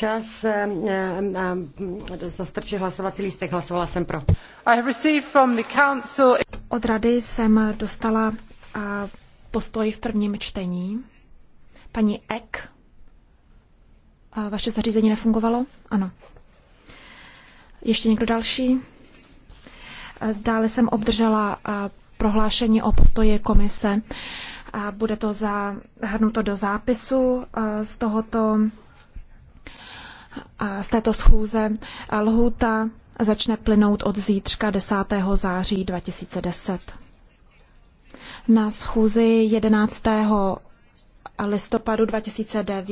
včas eh, eh, eh, zastrčit hlasovací lístek. Hlasovala jsem pro. I have received from the council... Od rady jsem dostala postoj v prvním čtení. Paní Ek, vaše zařízení nefungovalo? Ano. Ještě někdo další? Dále jsem obdržela prohlášení o postoji komise a bude to zahrnuto do zápisu z tohoto z této schůze. Lhůta začne plynout od zítřka 10. září 2010. Na schůzi 11. listopadu 2009